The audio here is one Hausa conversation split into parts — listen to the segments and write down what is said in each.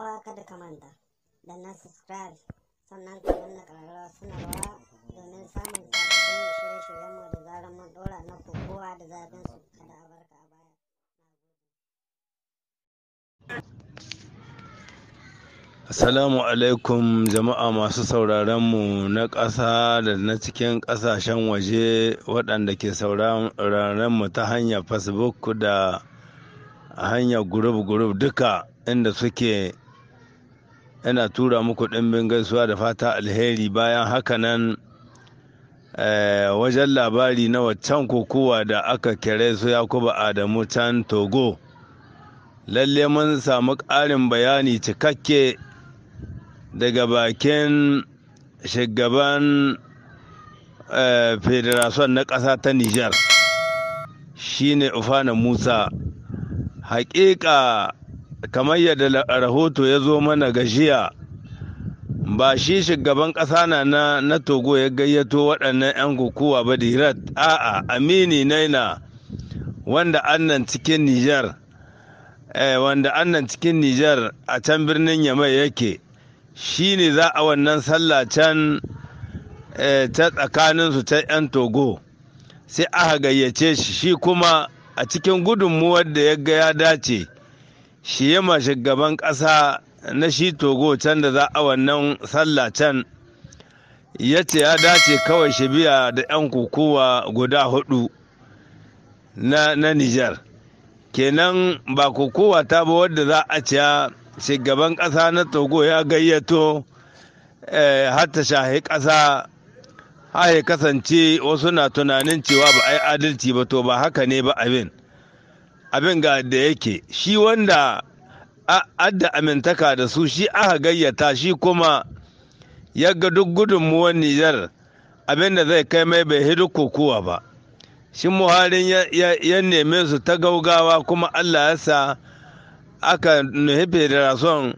uwa kada ka manta da na subscribe sannan ka danna ƙararrawa sanarwa domin samun sabbin shirye-shiryenmu da zarar mun ɗora na kowa da zafin su kada a barka a baya. Assalamu alaikum jama'a masu mu na ƙasa da na cikin ƙasashen waje waɗanda ke mu ta hanyar Facebook da hanyar gurub-gurub duka inda suke yana tura muku ɗimbin gaisuwa da fata alheri bayan haka nan eh, wajen labari na waccan kokowa da aka kere su yakuba adamu can togo lalle mun samu ƙarin bayani cikakke daga bakin shugaban eh, federation na ƙasa ta niger shine ufana musa haƙiƙa kamar yadda rahoto ya zo mana gajiya ba shi shugaban ƙasa na na togo ya gayyato waɗannan 'yan gukuwa ba hirar a'a amini naina wanda annan cikin nijar eh, wanda annan cikin nijar a can birnin yamai yake shi ne za a wannan sallah can eh, ta tsakaninsu ta 'yan togo sai aka gayyace shi shi kuma a cikin gudunmuwar da ya ga ya dace shi yama shugaban ƙasa na shi togo can da za a wannan sallah can ya ce ya dace kawai shi biya da 'yan kukuwa guda hudu na, nijar kenan ba kukuwa ta ba wadda za a ciya shugaban ƙasa na togo ya gayyato eh, hatta shahi ƙasa ha ya kasance wasu na tunanin cewa ba a yi adalci ba to ba haka ne ba abin abin ga da yake shi wanda adda amintaka da su shi aka gayyata shi kuma ya ga duk gudunmuwan nijar abin da zai kai mai bai hidu kokowa ba shi muharin ya neme su ta gaugawa kuma allah ya sa aka nufi da rason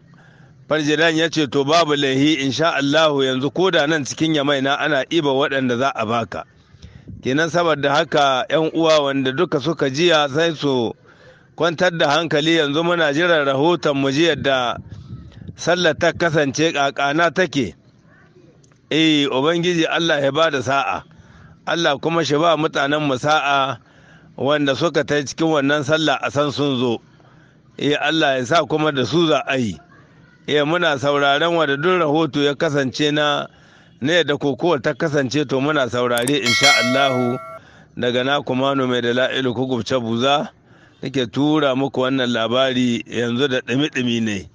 farjidan ya ce to babu laihi insha allahu yanzu ko da nan cikin yamaina ana iba waɗanda za a baka kenan saboda haka 'yan uwa wanda duka suka jiya sai su kwantar da hankali yanzu muna jiran rahoton mu ji yadda sallar ta kasance kakana take eh ubangiji Allah ya bada sa'a Allah kuma shi ba mutanen mu sa'a wanda suka ta cikin wannan sallah a san sun zo eh Allah ya sa kuma da su za a yi eh muna sauraren wanda duk rahoto ya kasance na ne da kokowar ta kasance to muna saurare insha Allahu daga na kumano mai da la'ilu ku gubce buza nake tura muku wannan labari yanzu da ɗumi-ɗumi ne